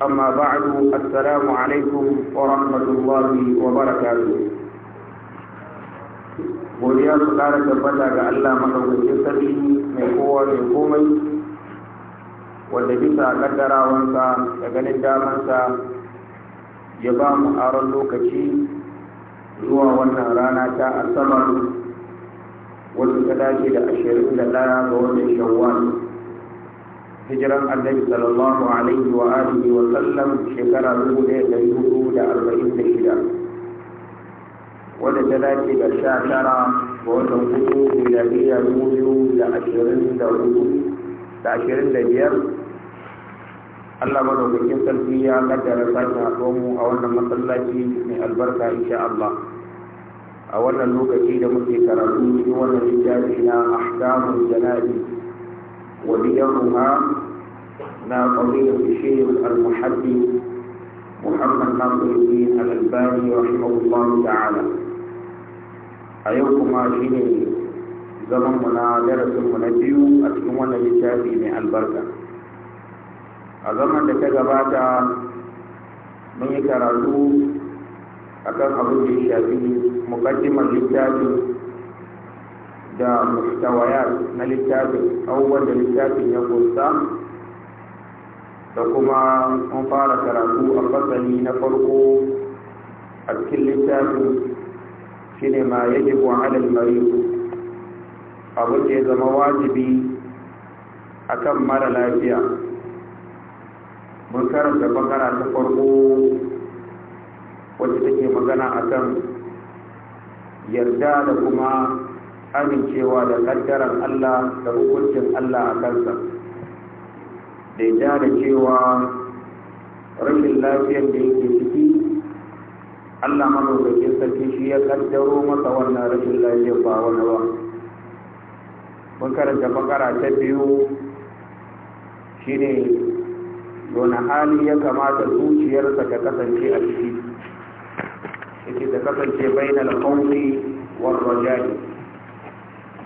أما بعد السلام عليكم ورحمة الله وبركاته godiya su ƙara tabbata ga Allah maɗaukakin sarki mai kowa mai komai wanda bisa ƙaddarawansa da ganin damansa ya ba mu aron lokaci zuwa wannan rana ta asabar wanda ta dace da ashirin da ɗaya ga watan shawwal hijiran annabi sallallahu alaihi wa alihi wa sallam shekara dubu ɗaya ɗari hudu da arba'in da shida wadda ta dace da sha tara ga watan hudu miladiyya dubu biyu da ashirin da hudu da ashirin da biyar Allah madaukakin sarki ya kaddara sake haɗo mu a wannan masallaci mai albarka insha Allah a wannan lokaci da muke karatu cikin wannan littafi na ahkamul janabi وليهما لا قضية الشيخ المحدث محمد ناصر الدين الألباني رحمه الله تعالى أيوكما شيني زمن منا درس منجيو أتكمنا لشافي من البركة أزمن لتجباتا من يكرروا أكثر أبو الشافي مقدم للشافي da muhtawayat na littafin abubuwan da littafin ya kusa da kuma mun fara karatu a fasali na farko a cikin littafin shi ne ma yake wahalar mari abin da ya zama wajibi a kan mara lafiya mun karanta bakara ta farko wacce take magana a kan yarda da kuma amincewa da kaddaran Allah da hukuncin Allah a kansa da ya da cewa rashin lafiyar da yake ciki Allah madaukakin sarki shi ya kaddaro masa wannan rashin lafiyar ba wani ba mun karanta fakara ta biyu shine wani hali ya kamata zuciyarsa ta kasance a ciki yake ta kasance bainal khawfi war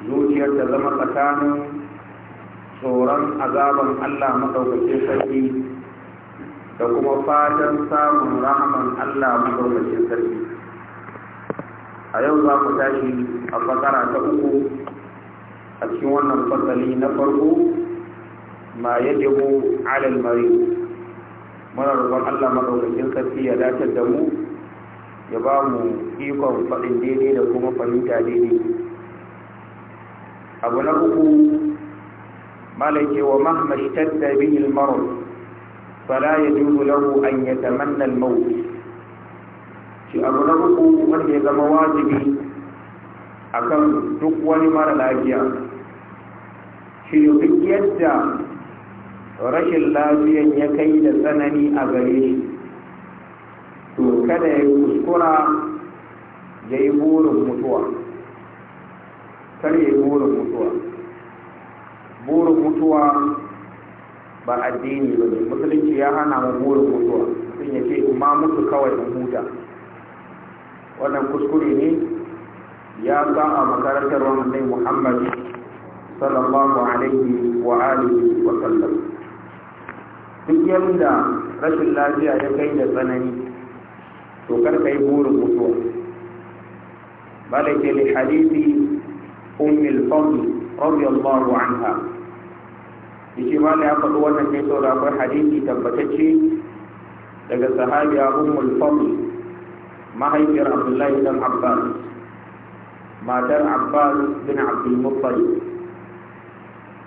zuciyar ta zama tsakanin tsoron azaban Allah maɗaukacin sarki da kuma fatan samun rahaman Allah maɗaukacin sarki a yau za mu tashi a fakara ta uku a cikin wannan fasali na farko ma ya yajibu alal mari muna roƙon Allah maɗaukakin sarki ya dace da mu ya ba mu ikon faɗin daidai da kuma fahimta daidai abu na uku malake wa mahma shtadda bihi al-marad fala yajuzu lahu an yatamanna al shi abu na uku wanda ya zama wajibi akan duk wani mara lafiya shi duk yadda rashin lafiyan ya kai da tsanani a gare shi to kada ya kuskura ya yi burin mutuwa kar ya yi burin mutuwa burin mutuwa ba addini ba ne musulunci ya hana mu burin mutuwa sun ya ce ma mutu kawai in huta wannan kuskure ne ya sa a makarantar wannan muhammad sallallahu alaihi wa alihi wa sallam duk yadda rashin lafiya ya kai da tsanani to kar yi burin mutuwa da ke hadisi أم الفضل رضي الله عنها yake ma ya faɗi wannan ne saboda akwai hadisi tabbatacce daga sahabiya ummul fadl mahaifiyar abdullahi dan abbas matar abbas bin abdul muttalib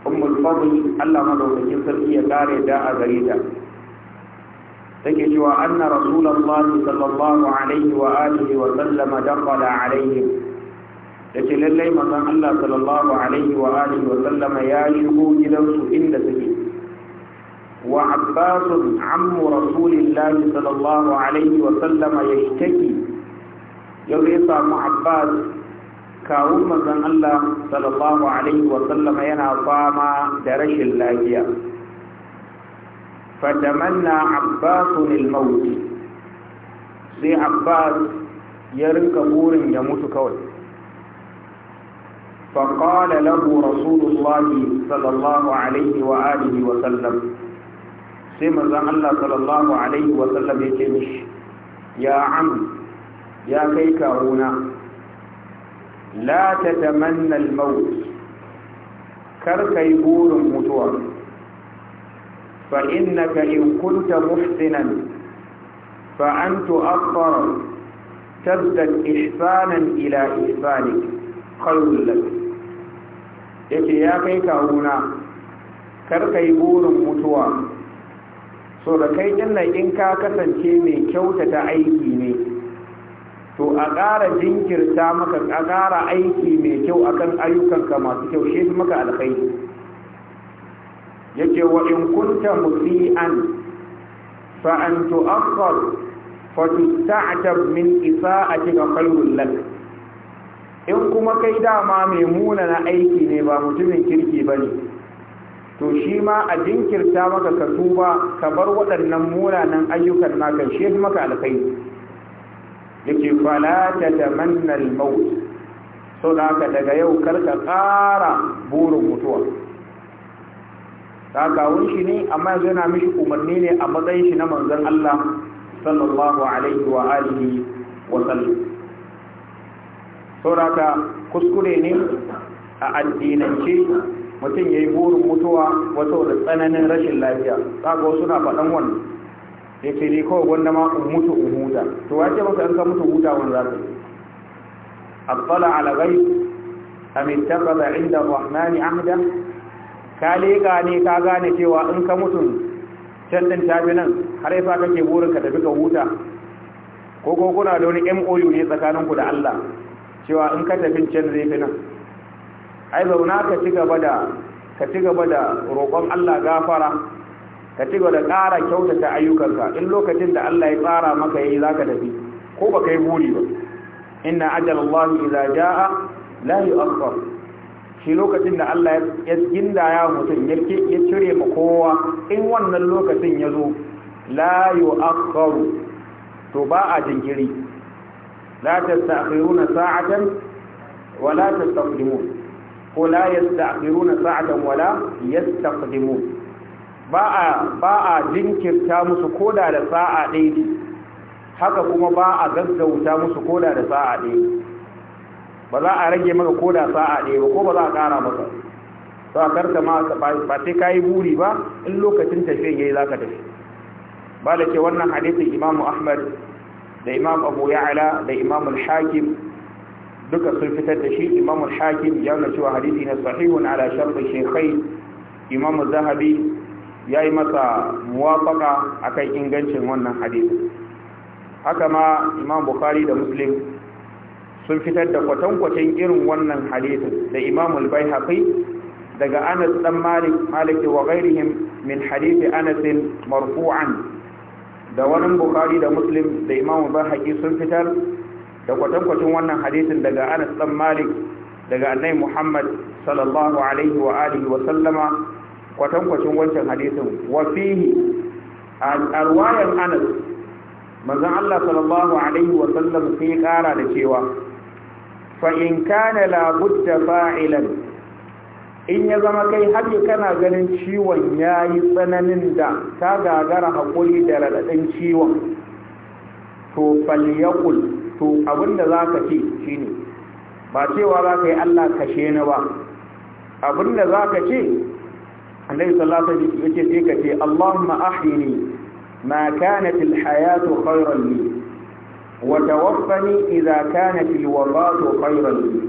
ummul fadl Allah madaukakin sarki ya kare da a gare ta take cewa anna rasulullahi sallallahu alaihi wa alihi wa sallama dakhala alaihim da ce lallai manzon Allah sallallahu alaihi wa alihi wa sallama ya shigo gidansu inda suke wa Abbas ammu Rasulillah sallallahu alaihi wa sallama yashtaki yau ya samu Abbas kawun manzon Allah sallallahu alaihi wa sallama yana fama da rashin lafiya fatamanna Abbas al-maut sai Abbas ya rinka burin ya mutu kawai فقال له رسول الله صلى الله عليه وآله وسلم سيما زعل الله صلى الله عليه وسلم يتمش يا عم يا كيك هنا لا تتمنى الموت كرك يقول متوى فإنك إن كنت محسنا فأن تؤخر تبدأ إحسانا إلى إحسانك خير لك yake ya kai kawuna kar ka yi burin mutuwa so da kai dinna in ka kasance mai kyautata aiki ne to a ƙara jinkirta maka a ƙara aiki mai kyau akan ayyukanka masu kyau shi maka alkhairi yake wa in kunta musi'an fa an tu'akhkhar fa tusta'tab min isa'atika khairul lak in kuma kai dama mai munana aiki ne ba mutumin kirki ba ne to shi ma a jinkirta maka ka tuba ka bar waɗannan munanan ayyukan naka shi maka alkhairi yake fala ta tamanna al-maut so da haka daga yau karka ƙara burin mutuwa ta kawun shi ne amma yanzu yana mishi umarni ne a matsayin shi na manzan Allah sallallahu alaihi wa alihi wa sallam saurata kuskure ne a addinance mutum ya yi burin mutuwa wato da tsananin rashin lafiya tsago wasu na faɗan wani. ya ce ne kawai wanda ma in mutu in huta to ya ce masa in ka mutu huta wani za su yi abbala ala a am ittakhadha inda rahmani ahda ka leka ne ka gane cewa in ka mutu can ɗin tafi nan har yasa kake burin ka tafi ka huta ko ko kuna da wani MOU ne tsakaninku da Allah cewa in ka tafi can zai fi nan ai zauna ka ci gaba da ka ci gaba da roƙon Allah gafara ka ci gaba da ƙara kyautata ayyukanka in lokacin da Allah ya tsara maka yayi zaka tafi ko ba kai buri ba inna ajalallahi idza jaa la yu'akhkhar shi lokacin da Allah ya gindaya mutum ya cire ma kowa in wannan lokacin ya zo la yu'akhkhar to ba a jinkiri لا تستأخرون ساعة ولا تستقدمون sa'atan wa باء yastaqdimun ba a ba a jinkirta musu koda da sa'a ɗaya ne haka kuma ba a gaggauta musu koda da sa'a ɗaya ba za a rage maka koda sa'a ba karta ma ba sai kai buri ba in lokacin tafiyan yayi zaka ka tafi ba da wannan hadisin imamu ahmad da imam abu ya'ala da imam al-hakim duka sun fitar da shi imam al-hakim ya nuna cewa hadisi na sahihun ala sharbi shekai imam zahabi ya yi masa muwafaka akan ingancin wannan hadisi haka ma imam bukhari da muslim sun fitar da kwatankwacin irin wannan hadisin da imam al-baihaqi daga anas dan malik malik wa ghairihim min hadisi anas marfu'an da wani bukari da muslim da imamu bahaki sun fitar da kwatankwacin wannan hadisin daga anas ɗan malik daga annai muhammad sallallahu alaihi wa alihi wa sallama kwatankwacin wancan hadisin wa fihi arwayan anas manzon allah sallallahu alaihi wa sallam yi ƙara da cewa fa in kana la fa'ilan in ya zama kai har kana ganin ciwon ya yi tsananin da ta gagara haƙuri da raɗaɗin ciwon to falyakul to abinda za ka ce shi ne ba cewa za ka yi allah kashe ni ba abinda za ka ce annabi sallallahu yake sai ka ce allahumma ahyini ma kanat alhayatu khayran li wa tawaffani idha kanat alwafatu khayran li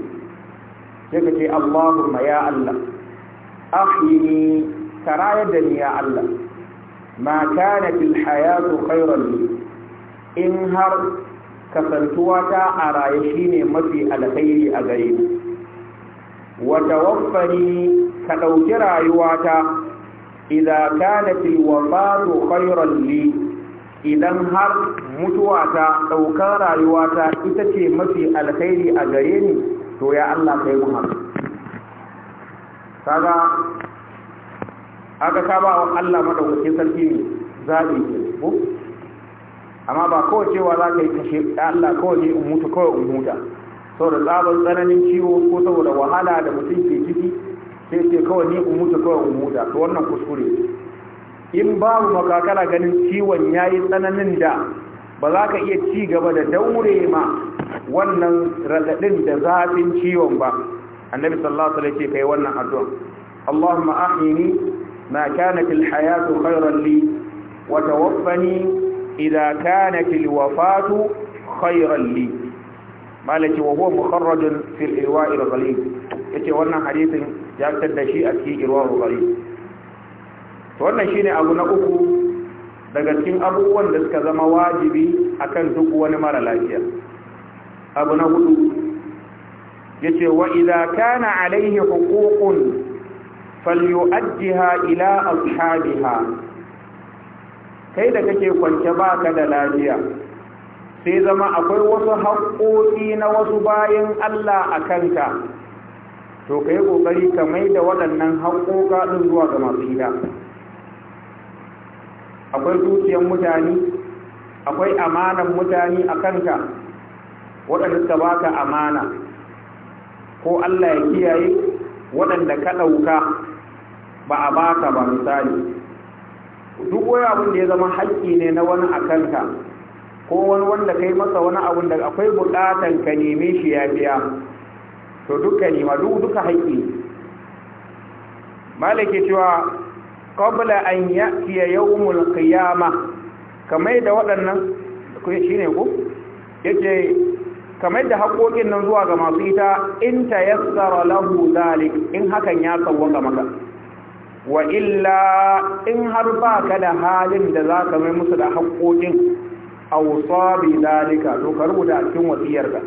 sai ka ce allahumma ya allah akhini karaya da ni ya Allah ma kana fil hayatu khairan li in har kasantuwata ta a raye shine mafi alkhairi a gare ni wa tawaffani ka ɗauki rayuwata idza kana fil wafatu khairan li idan har mutuwa ta daukar rayuwata ita ce mafi alkhairi a gare ni to ya Allah kai mu haka kaga aka saba wa Allah madaukakin sarki ne zabi ke ko amma ba kawai cewa za ka yi kashe Allah kawai ne in mutu kawai in huta saboda tsabar tsananin ciwo ko saboda wahala da mutum ke ciki sai ce kawai ne in mutu kawai in huta to wannan kuskure in babu makakala ganin ciwon yayi tsananin da ba za ka iya ci gaba da daure ma wannan raɗaɗin da zafin ciwon ba annabi sallallahu alaihi wasallam kai wannan addu'a Allahumma ahyini ma kanat alhayatu khayran li wa tawaffani idha kanat alwafatu khayran li malaki wa huwa mukharraj fi al-irwa' al-ghalib yace wannan hadisin ya fitar da shi a cikin irwa' al to wannan shine abu na uku daga cikin abubuwan da suka zama wajibi akan duk wani mara lafiya abu na hudu yace wa idza kana alaihi huququn falyu'addiha ila ashabiha kai da kake kwance baka da lafiya sai zama akwai wasu haƙoƙi na wasu bayan Allah a kanka to kai kokari ka mai da waɗannan haƙoƙa ɗin zuwa ga masu gida akwai dukiyar mutane akwai amanan mutane a kanka waɗanda ka baka amana ko Allah ya kiyaye waɗanda ka ɗauka ba a baka ba misali duk wani abin da ya zama haƙƙi ne na wani a kanka ko wani wanda kai masa wani abin da akwai buƙatan ka neme shi ya biya to duka nema duk duka haƙƙi malaki cewa qabla an yati yawmul qiyamah kamar da waɗannan shine ku yake kamar da haƙoƙin nan zuwa ga masu ita in ta yassara lahu zalik in hakan ya sauwaka maka wa illa in har ba ka da halin da za ka mai musu da haƙoƙin a wusabi zalika to ka rubuta a cikin ka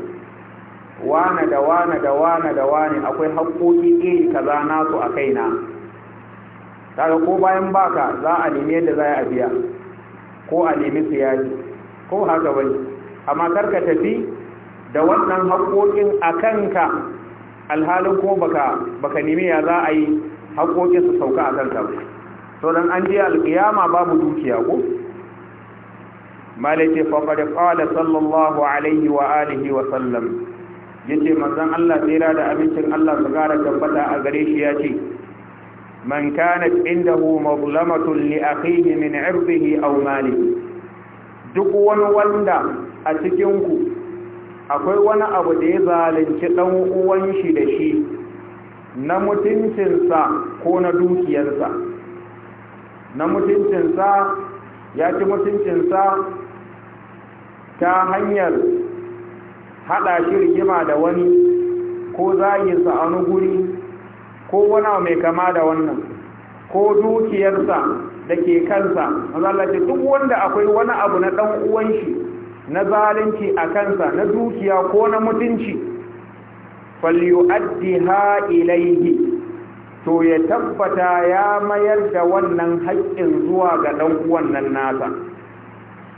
wane da wane da wane da wane akwai haƙoƙi iri kaza su a kaina daga ko bayan baka za a nemi yadda za a biya ko a nemi su ko haka bai amma karka tafi da wannan haƙoƙin a kanka alhalin ko baka baka nemi ya za a yi haƙoƙin su sauka a kanka ba to an je alƙiyama babu dukiya ko malai ce faqad sallallahu alaihi wa alihi wa sallam ce manzon Allah tsira da abincin Allah su gara tabbata a gare shi yace man kanat indahu mazlamatun li akhihi min irdihi aw malihi duk wani wanda a cikin ku akwai wani abu da ya zalunci ɗan uwan shi da shi na mutuncinsa ko na dukiyarsa na mutuncinsa ya ci mutuncinsa ta hanyar haɗa shi rigima da wani ko zaginsa a wani guri ko wani mai kama da wannan ko dukiyarsa da ke kansa mazalace duk wanda akwai wani abu na ɗan uwan shi na zalunci a kansa na dukiya ko na mutunci ha ilayhi to ya tabbata ya mayar da wannan haƙƙin zuwa ga ɗan uwan nasa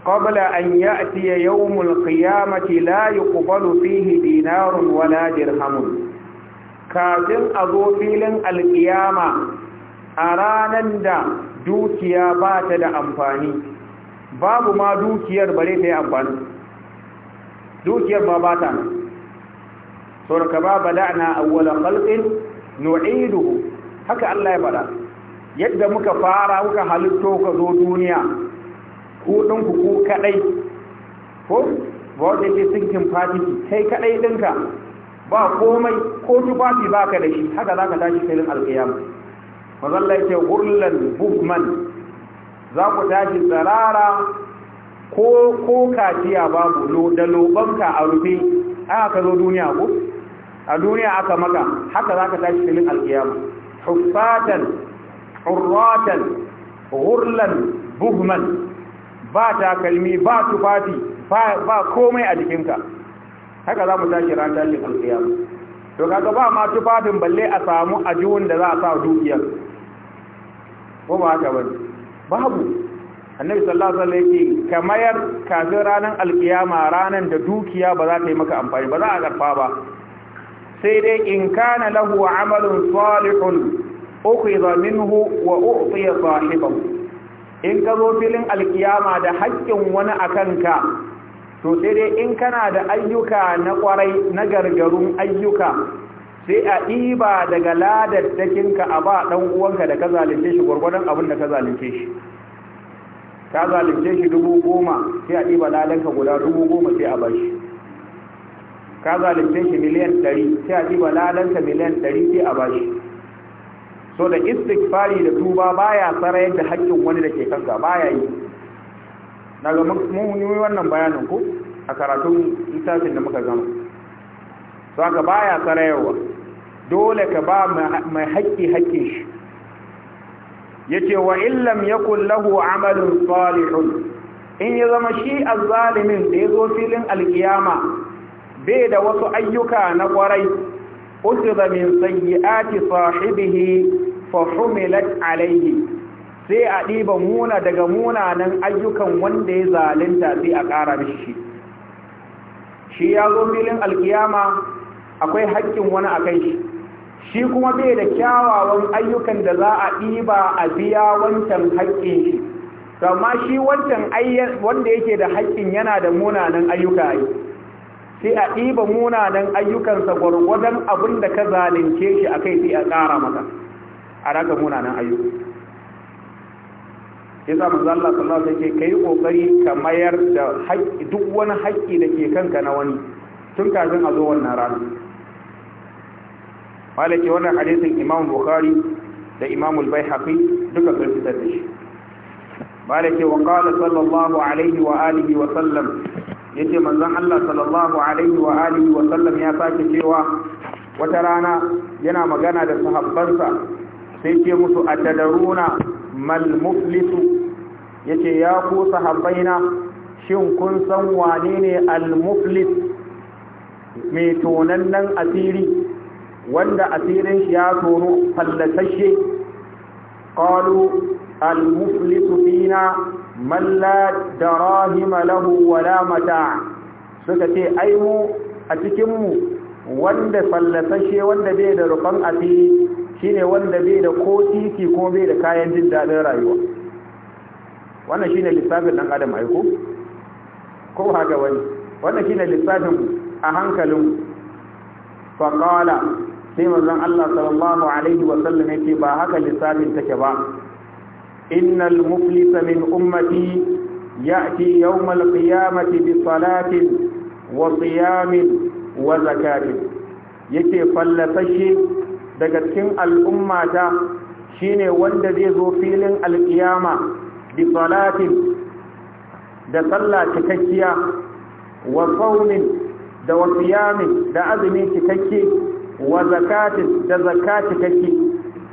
qabla an ya'tiya yawmul qiyamati la yuqbalu fihi dinarun wala dirhamun kafin a zo filin alƙiyama a ranar da dukiya ba ta da amfani babu ma dukiyar bare ta yi amfani dukiyar ma ba ta nan sauraka ba ana awwala khalqin nu'idu haka Allah ya bada yadda muka fara muka halitto ka zo duniya ku din ku ku ko ba wanda ke sinkin fati kai kadai dinka ba komai ko tufafi baka da shi haka zaka tashi filin alkiyama mazallai yake gurlan bukman za ku tashi tsarara ko ko kaciya babu da lobanka a rufe aka ka zo duniya ko a duniya aka maka haka za ka tashi filin alkiyama huffatan hurratan hurlan buhman ba takalmi ba tufafi ba komai a jikinka haka za mu tashi ran tashin alkiyama to kaga ba ma tufafin balle a samu ajiyun da za a sa dukiyar ko ba haka bane babu annabi sallallahu alaihi wasallam yake kamayar kafin ranar alkiyama ranar da dukiya ba za ta yi maka amfani ba za a garfa ba sai dai in kana lahu amalun salihun ukhidha minhu wa u'tiya sahibahu in ka zo filin alkiyama da haƙƙin wani akan ka to sai dai in kana da ayyuka na ƙwarai na gargarun ayyuka sai a ɗiba daga LADAR ladaddakinka a ba ɗan uwanka da ka zalunce shi gwargwadon abin da ka zalunce shi ka zalunce shi dubu goma sai a ɗiba ladanka guda dubu goma sai a ba shi ka zalunce shi miliyan ɗari sai a ɗiba ladanka miliyan ɗari sai a ba shi so da istighfari da tuba baya tsara da haƙƙin wani da ke kanka baya yi daga mun yi wannan bayanin ko a karatun littafin da muka gama to haka baya yawa dole ka ba mai haƙƙi haƙƙin shi Ya ce, wa illam ya kullahu amalin salihun in ya zama shi a zalimin da ya zo filin alkiyama bai da wasu ayyuka na kwarai da min sayyiati sahibihi fa alaihi alayhi sai a ɗiba muna daga munanan ayyukan wanda ya zalunta sai a ƙara mishi shi ya zo filin alkiyama akwai haƙƙin wani akan shi shi kuma bai da kyawawan ayyukan da za a ɗiba a biya wancan haƙƙin shi amma shi wancan wanda yake da haƙƙin yana da munanan ayyuka yi sai a ɗiba munanan ayyukansa gwargwadon abin da ka zalunce shi a kai sai a ƙara maka a raka munanan ayyuka ya sa manzo Allah sallallahu alaihi wasallam kai kokari ka mayar da duk wani haƙƙi da ke kanka na wani tun kafin a zo wannan rana malaki wannan hadisin imam bukari da imam al-baihaqi duka sun fitar da shi malaki wa qala sallallahu alaihi wa alihi wa sallam ya ce manzon Allah sallallahu alaihi wa alihi wa sallam ya sake cewa wata rana yana magana da sahabbansa sai ce musu atadaruna mal muflisu ce ya ku sahabbaina shin kun san wane ne al-muflis mai nan asiri wanda asirin shi ya tsoro fallasashe qalu al-muflitu fina man la darahima lahu wala mata suka ce ai mu a cikin mu wanda fallasashe wanda bai da rufan asiri shine wanda bai da ko titi ko bai da kayan jin dadin rayuwa wannan shine lissafin dan adam aiko ko haka wani wannan shine lissafin a hankalin faqala sai manzon Allah sallallahu alaihi wa sallam yace ba haka lissafin take ba innal muflisa min ummati ya'ti yawm al-qiyamati bi salatin wa siyamin wa zakatin yake fallasashe daga cikin al'ummata shine wanda zai zo filin alkiyama bi salatin da sallah cikakkiya wa saumin da wasiyamin da azumi cikakke wa zakati da zakati kake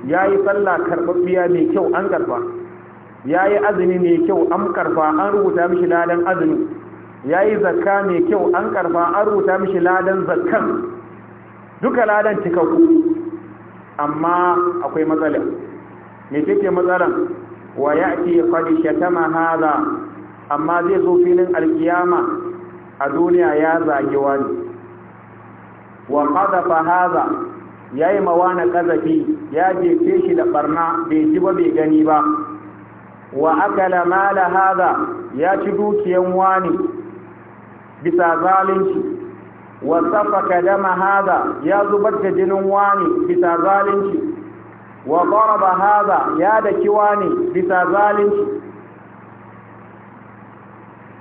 ya yi sallah karɓaɓɓiya mai kyau an karba ya yi azumi mai kyau an karba an rubuta mishi ladan azumi ya yi zakka mai kyau an karba an rubuta mishi ladan zakkan duka ladan cikakku amma akwai matsala me take matsalan wa ya'ti qad shatama hadha amma zai zo filin alkiyama a duniya ya zage wani wa qadafa hadha yayi mawana kazafi ya je shi da barna bai ji ba bai gani ba wa akala mala hadha ya ci dukiyan wani bisa zalunci wa safaka dama hadha ya zubar da jinin wani bisa zalunci wa daraba hadha ya daki wani bisa zalunci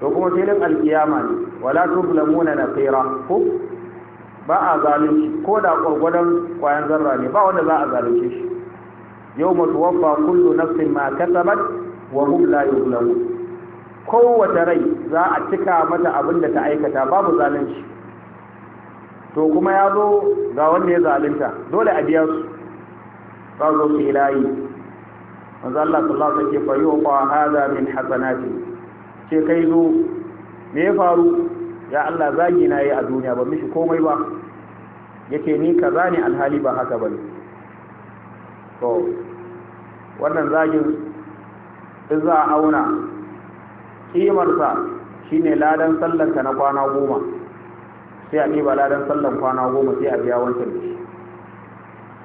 to kuma filin alkiyama ne wala tublamuna nasira ko ba a zalunci ko da gwargwadon kwayan zarra ne ba wanda za a zalunce shi yau matuwaffa kullu nafsin ma kasabat wa hum la yuzlamun kowace rai za a cika mata abin da ta aikata babu zalunci to kuma ya zo ga wanda ya zalunta dole a biya su ba zo su yi manzo Allah sallallahu alaihi hada min hasanati ce kai zo me ya faru ya Allah zagi na yi a duniya ba mishi komai ba yace ni kaza ne alhali ba haka bane to wannan zagin in za a auna kimarsa shine ladan sallanka na kwana goma sai a ɗiba ladan sallan kwana goma sai a biya wancan da shi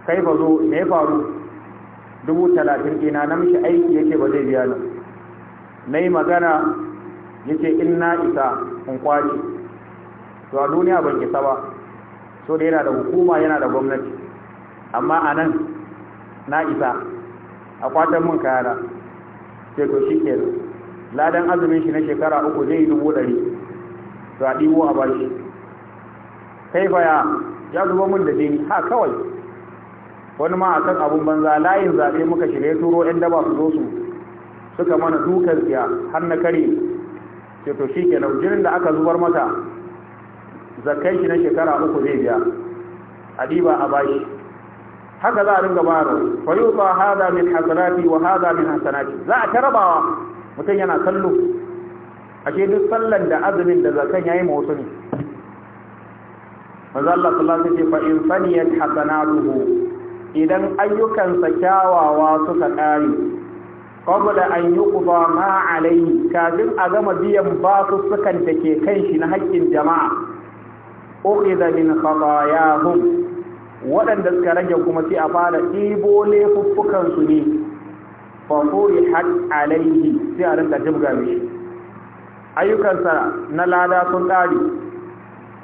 kai ba zo me faru dubu talatin ina na mishi aiki yake ba zai biya nan na yi magana yace in na isa in kwace to a duniya ban isa ba so da yana da hukuma yana da gwamnati amma a nan na isa a kwatan mun kayana sai to shi ke ladan azumin shi na shekara uku zai dubu ɗari to a ɗibo a bashi kai fa ya zuba mun da jini ha kawai wani ma a kan abun banza layin zaɓe muka shirya turo 'yan daba su zo su suka mana dukan siya har na kare ce to shi kenan jinin da aka zubar mata zakai shi na shekara uku zai biya a a bashi haka za a ringa bayarwa fa yuta hada min hasanati wa hada min hasanati za a rabawa? mutum yana sallu ashe duk sallan da azumin da zakan yayi ma wasu ne manzo Allah sallallahu alaihi wasallam fa in faniyat hasanatuhu idan ayyukansa kyawawa suka kare qabla an yuqda ma alayhi kafin a gama biyan basu sukan take ke kan shi na haƙƙin jama'a ukhidha min khatayahum waɗanda suka rage kuma sai a fara ne fuffukan su ne fa hak alaihi sai a rinka jibga mishi ayyukansa na lada sun kare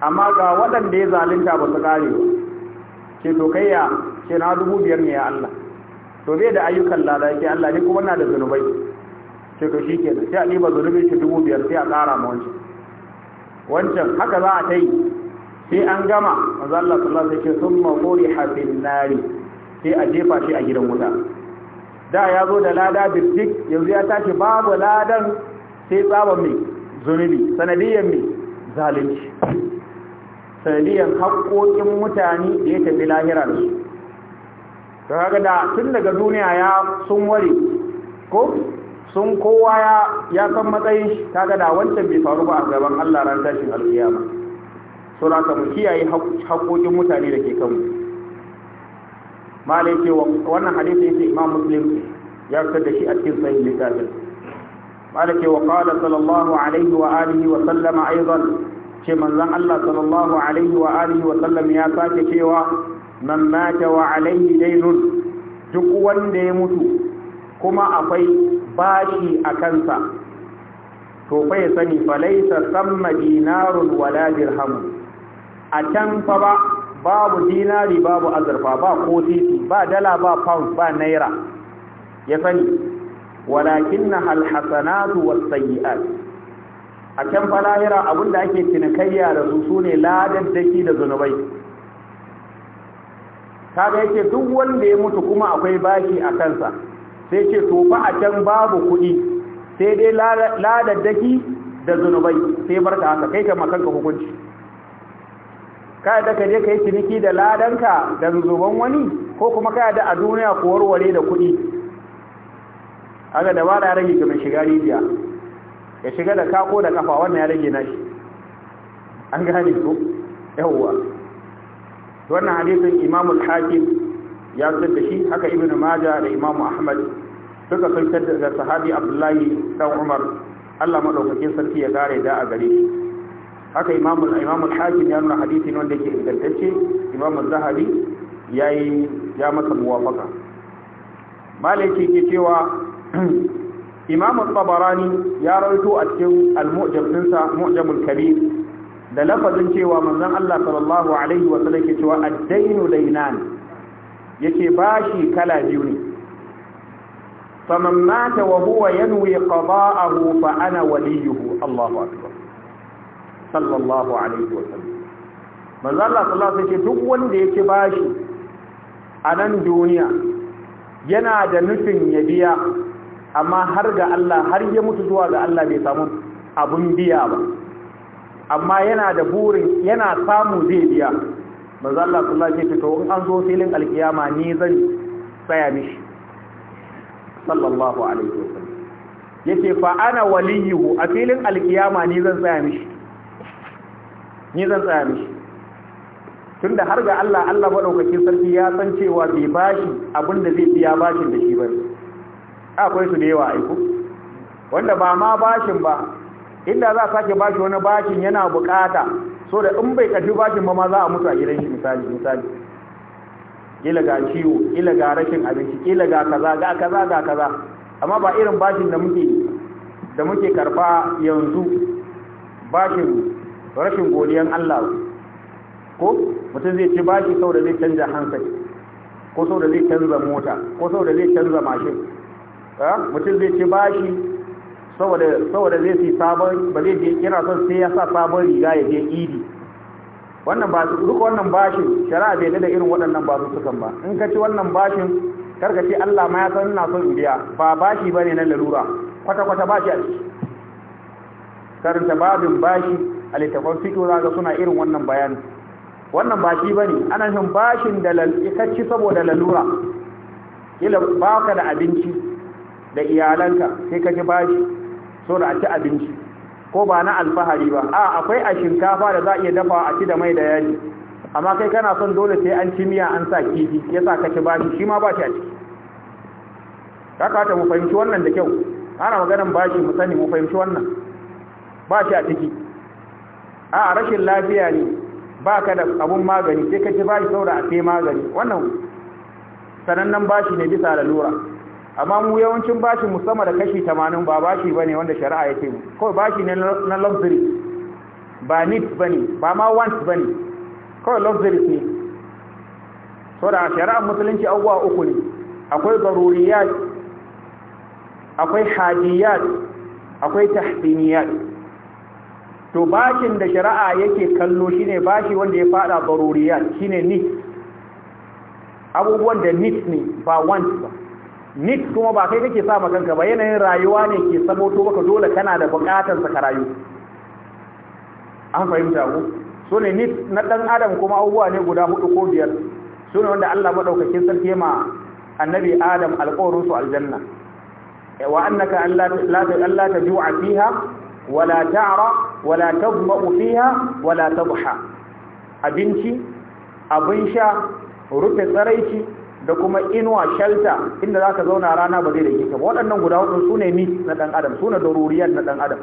amma ga waɗanda ya zalunta ba su kare ba ce to kai ya ce na dubu biyar ne ya Allah to bai da ayyukan lada yake Allah ne kuma na da zunubai ce to shi kenan sai a ɗiba zunubin shi dubu biyar sai a ƙara ma wancan wancan haka za a ta yi sai an gama maza Allah sallallahu alaihi sun mafori hafin nari sai a jefa shi a gidan wuta da ya zo da lada birtik yanzu ya tashi babu ladan sai tsaban mai zunubi sanadiyan mai zalunci sanadiyan haƙoƙin mutane da ya tafi lahira da su ta haka da tun daga duniya ya sun ware ko sun kowa ya san matsayin shi ta gada wancan bai faru ba a gaban Allah ran tashin alƙiyama suna ka mu kiyaye haƙoƙin mutane da ke kanmu malai ce wannan hadisi yake imam muslim ya fitar da shi a cikin sahih littafin malai ce wa qala sallallahu alaihi wa alihi wa sallama aidan ce manzon Allah sallallahu alaihi wa alihi wa sallam ya sake cewa man mata wa alaihi daynun duk wanda ya mutu kuma akwai bashi a kansa to fa ya sani falaisa samma dinarun wala dirhamun a can fa ba babu dinari babu azurfa ba ko titi ba dala ba pound ba naira ya sani walakinna alhasanatu wasayyi'at a can fa lahira abinda ake cinikayya da su sune ladaddaki da zunubai kaga yake duk wanda ya mutu kuma akwai bashi a kansa sai ce to ba a can babu kuɗi sai dai ladaddaki da zunubai sai barka haka kai ka makanka hukunci ka yadda ka je ka yi ciniki da ladanka da zuban wani ko kuma ka yadda a duniya ku warware da kuɗi aga da ba da rage ga mai shiga rijiya ya shiga da kako da kafa wannan ya rage nashi an gane ko yawwa wannan hadisin Imam al-Hakim ya fitar da shi haka Ibn maja da imamu Ahmad suka fitar da sahabi Abdullahi dan Umar Allah madaukakin sarki ya gare da a gare shi haka imamul imamul hakim ya nuna hadisin wanda yake ingantacce imamul zahabi yayi ya masa muwafaka malaki ke cewa imam tabarani ya rawaito a cikin al-mu'jam dinsa mu'jamul kabir da lafazin cewa manzon Allah sallallahu alaihi wa sallam yake cewa ad-dainu daynan yake bashi kala biyu ne faman mata wa huwa yanwi qada'ahu fa ana waliyuhu Allahu sallallahu alaihi wasallam manzo Allah sallallahu alaihi wasallam duk wanda yake bashi a nan duniya yana da nufin ya biya amma har ga Allah har ya mutu zuwa ga Allah bai samu abun biya ba amma yana da burin yana samu zai biya manzo Allah sallallahu alaihi wasallam in an zo filin alkiyama ni zan tsaya mishi sallallahu alaihi wasallam yace fa ana waliyuhu a filin alkiyama ni zan tsaya mishi ni zan tsaya mishi tun da har ga Allah Allah maɗaukakin sarki ya san cewa bai bashi abin da zai biya bashin da shi ba akwai su da yawa aiku wanda ba ma bashin ba inda za sake bashi wani bashin yana bukata so da in bai kaji bashin ba ma za a mutu a gidan shi misali misali kila ga ciwo kila ga rashin abinci kila ga kaza ga kaza ga kaza amma ba irin bashin da muke da muke karba yanzu bashin rashin godiyan Allah ko mutum zai ci bashi sau da zai canza hankali ko sau da zai canza mota ko sau da zai canza mashin mutum zai ci bashi saboda zai ci sabon ba zai je yana son sai ya sa sabon riga ya je idi wannan ba su duka wannan bashin shari'a bai da irin waɗannan ba su sukan ba in ka ci wannan bashin karka ce Allah ma ya san ina son biya ba bashi bane na lalura kwata kwata bashi a ciki karanta babin bashi a fito za ga suna irin wannan bayani wannan ba shi ba ne ana shi bashin da saboda lalura kila ba ka da abinci da iyalanka sai ka ji bashi so da a ci abinci ko ba na alfahari ba a akwai a shinkafa da za a iya dafa a ci da mai da yaji amma kai kana son dole sai an ci miya an sa kifi yasa ka ci bashi shi ma bashi a ciki ka kata mu fahimci wannan da kyau ana maganan bashi mu sani mu fahimci wannan bashi a ciki a rashin lafiya ne ba ka da abun magani sai ka ci bashi saura a sai magani wannan sanannen bashi ne bisa lalura amma mu yawancin bashi musamman da kashi 80 ba bashi bane wanda shari'a ya ce mu kawai bashi ne na luxury ba need bane ba ma want bane kawai luxury ne da shari'ar musulunci abubuwa uku ne akwai zaruriyat akwai hajiyat akwai tahdiniyat to bashin da shari'a yake kallo shine bashi wanda ya fada daruriyat shine need abubuwan da need ne ba want ba need kuma ba kai kake sa kanka ba yanayin rayuwa ne ke saboto baka dole kana da bukatar sa rayu an fahimta ku so ne need na dan adam kuma abubuwa ne guda hudu ko biyar so ne wanda Allah madaukakin sarki ma annabi adam alqawrun aljanna wa annaka alla la jua fiha wala ta'ra wala tadma'u fiha wala tadha abinci abin sha rufe tsaraici da kuma inuwa shelter inda zaka zauna rana ba zai dake ka waɗannan guda hudu sune ni na dan adam sune daruriyar na dan adam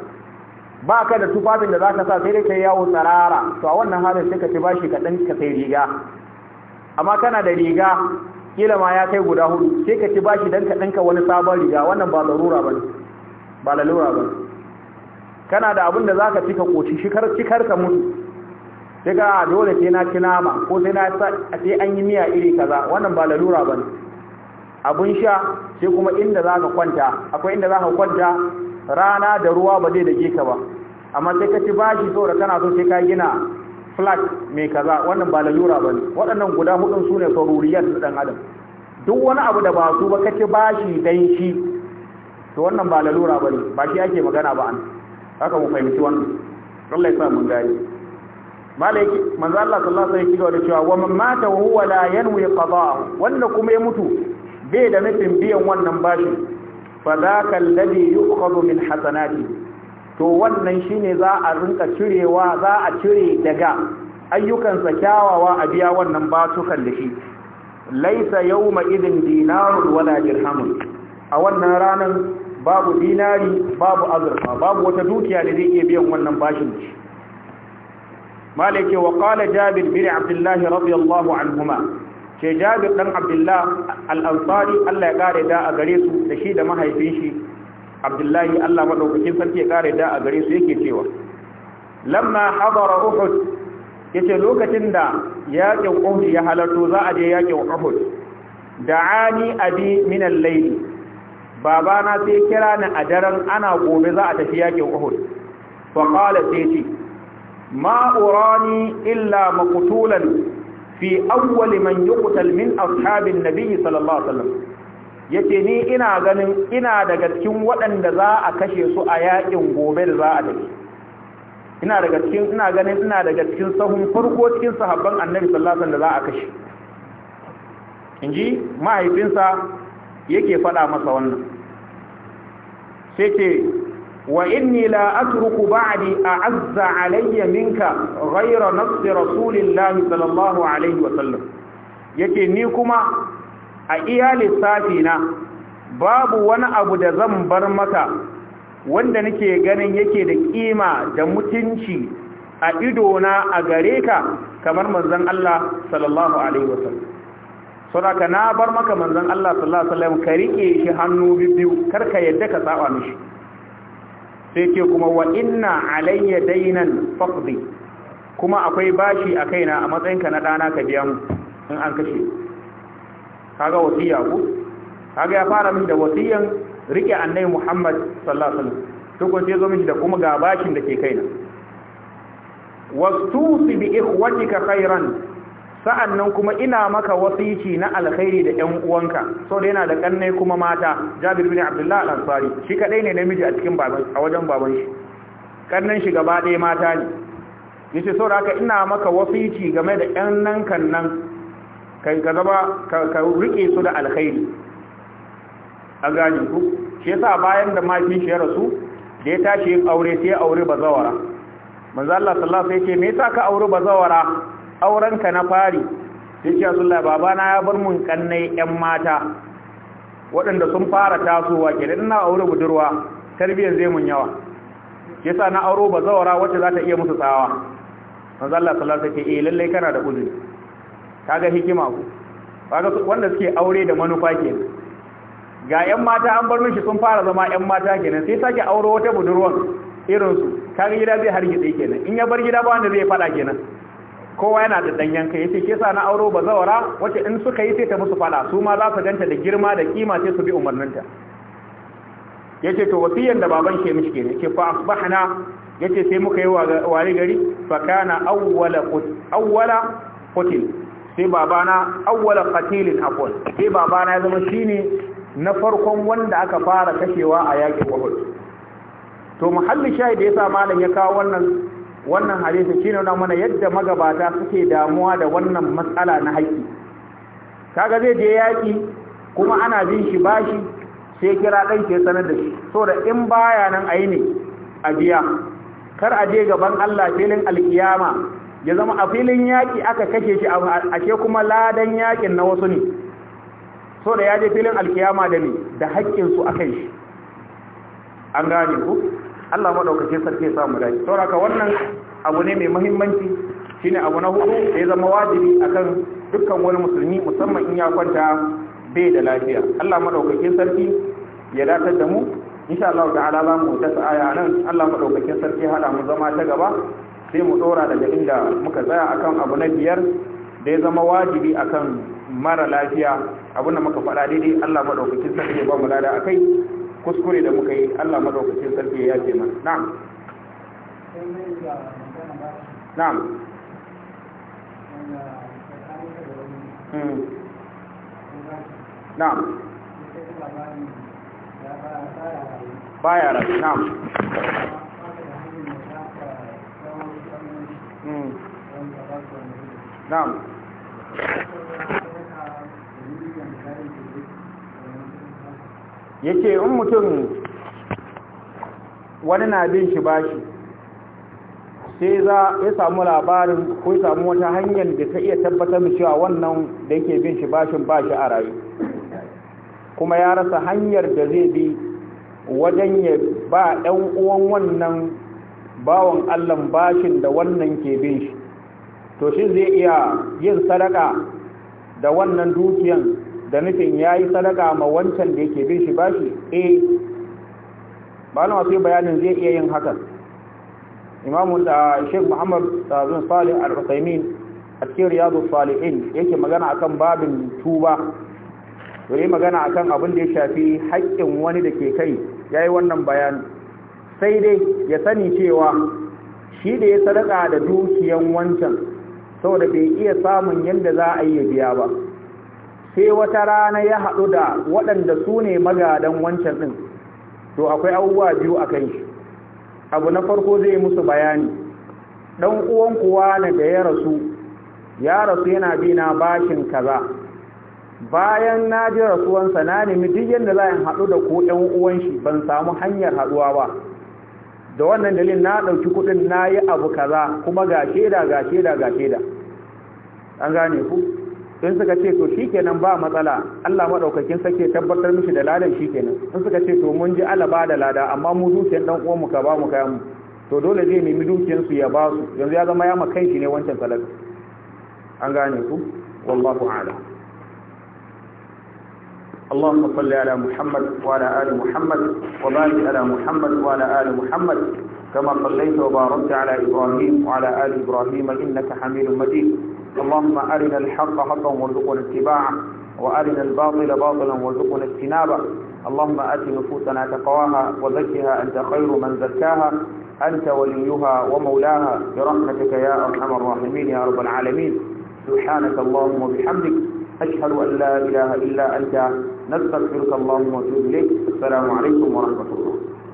ba ka da tufafin da zaka sa sai dai kai yawo tsarara to a wannan halin sai ka ci bashi ka dan ka sai riga amma kana da riga kila ma ya kai guda hudu sai ka ci bashi dan ka danka wani sabon riga wannan ba larura bane ba larura bane kana da abin da za ka cika koci cikar ka mutu sai ka ah, dole sai na ci nama ko sai na sai an yi miya iri kaza wannan ba lalura ba ne abin sha sai kuma inda za ka kwanta akwai inda za ka kwanta rana da ruwa ba zai dage ka ba amma sai ka ci bashi da kana so sai ka gina flat mai kaza wannan ba lalura ba ne waɗannan guda hudun su ne faruriyar na ɗan adam duk wani abu da ba su ba ka ci bashi dan shi to wannan ba lalura ba ne ba shi ake magana ba an haka mu fahimci wannan Allah ya sa mun gani malaki manzo Allah sallallahu alaihi wasallam da cewa wa man mata wa huwa la yanwi qada'ahu wanda kuma ya mutu bai da nufin biyan wannan bashi fa zaka alladhi yu'khadhu min hasanati to wannan shine za a rinka cirewa za a cire daga ayyukansa kyawawa a biya wannan batukan da shi laisa yawma idin dinarun wala dirhamun a wannan ranan babu dinari babu azurfa babu wata dukiya da zai iya biyan wannan bashin shi malike wa qala jabir bin abdullah radiyallahu anhuma ce jabir dan abdullah al-ansari Allah ya kare da a gare su da shi da mahaifin shi abdullahi Allah madaukakin sarki ya kare da a gare su yake cewa lamma hadara uhud yace lokacin da yakin uhud ya halarto za a je yakin uhud da'ani abi min al-layl babana sai kira ni a daren ana gobe za a tafi yakin uhud fa qala sai ce ma urani illa maqtulan fi awwal man yuqtal min ashabin nabiy sallallahu alaihi wasallam yace ni ina ganin ina daga cikin waɗanda za a kashe su a yakin gobe da za a tafi ina daga cikin ina ganin ina daga cikin sahun farko cikin sahabban annabi sallallahu alaihi wasallam da za a kashe inji mahaifinsa yake faɗa masa wannan sai ce wa inni la atruku ba'di a'azza alayya minka ghayra nafsi rasulillahi sallallahu alaihi wa sallam yake ni kuma a iya lissafi na babu wani abu da zan bar maka wanda nake ganin yake da kima da mutunci a idona a gare ka kamar manzon Allah sallallahu alaihi wa sallam saboda na bar maka manzon Allah sallallahu alaihi wasallam ka rike shi hannu biyu kar ka yadda ka saba mishi sai ce kuma wa inna alayya daynan faqdi kuma akwai bashi a kaina a matsayinka na dana ka biya mu in an kashe kaga wasiya ku kaga ya fara min da wasiyan rike nai Muhammad sallallahu alaihi wasallam to sai zo min da kuma ga bashin da ke kaina wastusi bi ikhwatika khairan sa'annan kuma ina maka wasici na alkhairi da 'yan uwanka so da yana da ƙannai kuma mata Jabir bin Abdullahi al-Ansari shi kaɗai ne namiji a cikin a wajen baban shi Ƙannan shi gaba ɗaya mata ne Ya ce so da haka ina maka wasici game da 'yan nan kan nan kai ka zama ka rike su da alkhairi a gani ku shi sa bayan da mafi shi ya rasu da ya tashi yin aure sai ya aure bazawara manzo Allah sallallahu alaihi wasallam sai ce me yasa ka aure bazawara aurenka na fari ya ce asulla babana ya bar mun kannai 'yan mata waɗanda sun fara tasowa ke da ina aure budurwa tarbiyyar zai mun yawa ke sa na auro ba zawara wacce za ta iya musu tsawa manzo Allah sallallahu alaihi wasallam eh lalle kana da uzuri kaga hikima ku kaga wanda suke aure da manufa ke ga 'yan mata an bar shi sun fara zama 'yan mata kenan sai sake auro wata budurwan irinsu kaga gida zai hargitse kenan in ya bar gida ba wanda zai fada kenan kowa yana da danyen kai yace ke sa na auro bazawara wace in suka yi sai ta musu fada su ma za su ganta da girma da kima sai su bi umarninta yace to wasiyar da baban ke mishi kenan yace fa asbahna yace sai muka yi wari gari fa kana awwala awwala qutil sai babana awwala qatilin aqul sai babana ya zama shine na farkon wanda aka fara kashewa a yakin Uhud to muhalli shayi da yasa malam ya kawo wannan wannan hadisi shine na mana yadda magabata suke damuwa da wannan matsala na haƙƙi kaga zai je yaƙi kuma ana bin shi bashi sai kira ɗan ke sanar da shi da in baya nan yi ne a biya kar a je gaban Allah filin alkiyama ya zama a filin yaƙi aka kashe shi a ke kuma ladan yaƙin na wasu ne so da ya je filin alkiyama da ne da haƙƙinsu su akai shi an gane ku Allah maɗaukakin sarki ya samu dace saboda wannan abu ne mai muhimmanci shine abu na hudu da ya zama wajibi akan dukkan wani musulmi musamman in ya kwanta bai da lafiya Allah maɗaukakin sarki ya datar da mu insha Allah ta'ala za mu ta aya nan Allah maɗaukakin sarki hada mu zama ta gaba sai mu dora daga inda muka tsaya akan abu na biyar da ya zama wajibi akan mara lafiya abinda da muka faɗa daidai Allah maɗaukakin sarki ya ba mu lada akai kuskure da muka yi Allah madaukakin sarki ya ce mana na'am na'am hmm. na'am baya rasu na'am hmm. na'am yace in mutum wani na bin shi bashi sai za ya samu labarin ko ya samu wata hanyar da ta iya tabbatar da cewa wannan da yake bin shi bashin bashi a rayu kuma ya rasa hanyar da zai bi wajen ya ba ɗan uwan wannan bawan allon bashin da wannan ke bin shi to shi zai iya yin sadaka da wannan dukiyan da nufin ya yi sadaka ma wancan da yake bin shi bashi eh malama sai bayanin zai iya yin hakan imamu da ah, sheik muhammad tazun ah, salih al-husaymin a cikin riyadu salihin yake magana akan babin tuba yayi magana akan abin da ya shafi haƙƙin wani da ke kai ya yi wannan bayani sai dai ya sani cewa shi da ya sadaka da dukiyan wancan saboda bai iya samun yadda za a yi biya ba sai wata rana ya haɗu da waɗanda su ne magadan wancan ɗin to akwai abubuwa biyu a kan shi abu na farko zai musu bayani ɗan uwan kuwa na da ya rasu ya rasu yana bi na bashin kaza bayan na ji rasuwansa na nemi duk yadda za haɗu da ko ɗan uwan shi ban samu hanyar haɗuwa ba da wannan dalilin na ɗauki kuɗin na yi abu kaza kuma ga shaida ga shaida ga an gane ku in suka ce to shikenan ba matsala Allah madaukakin sake tabbatar mishi da ladan shikenan in suka ce to mun ji alaba da lada amma mu dukiyan dan uwan mu ka ba mu kayan mu to dole zai nemi dukiyar su ya ba su yanzu ya zama ya ma shi ne wancan talaka an gane ku wallahu a'lam اللهم صل على محمد وعلى آل محمد وبارك على محمد وعلى آل محمد كما صليت وباركت على إبراهيم وعلى آل إبراهيم إنك حميد مجيد اللهم أرنا الحق حقا وارزقنا اتباعه وأرنا الباطل باطلا وارزقنا اجتنابه اللهم آت نفوسنا تقواها وزكها أنت خير من زكاها أنت وليها ومولاها برحمتك يا أرحم الراحمين يا رب العالمين سبحانك اللهم وبحمدك أشهد أن لا إله إلا أنت نستغفرك اللهم واتوب إليك السلام عليكم ورحمة الله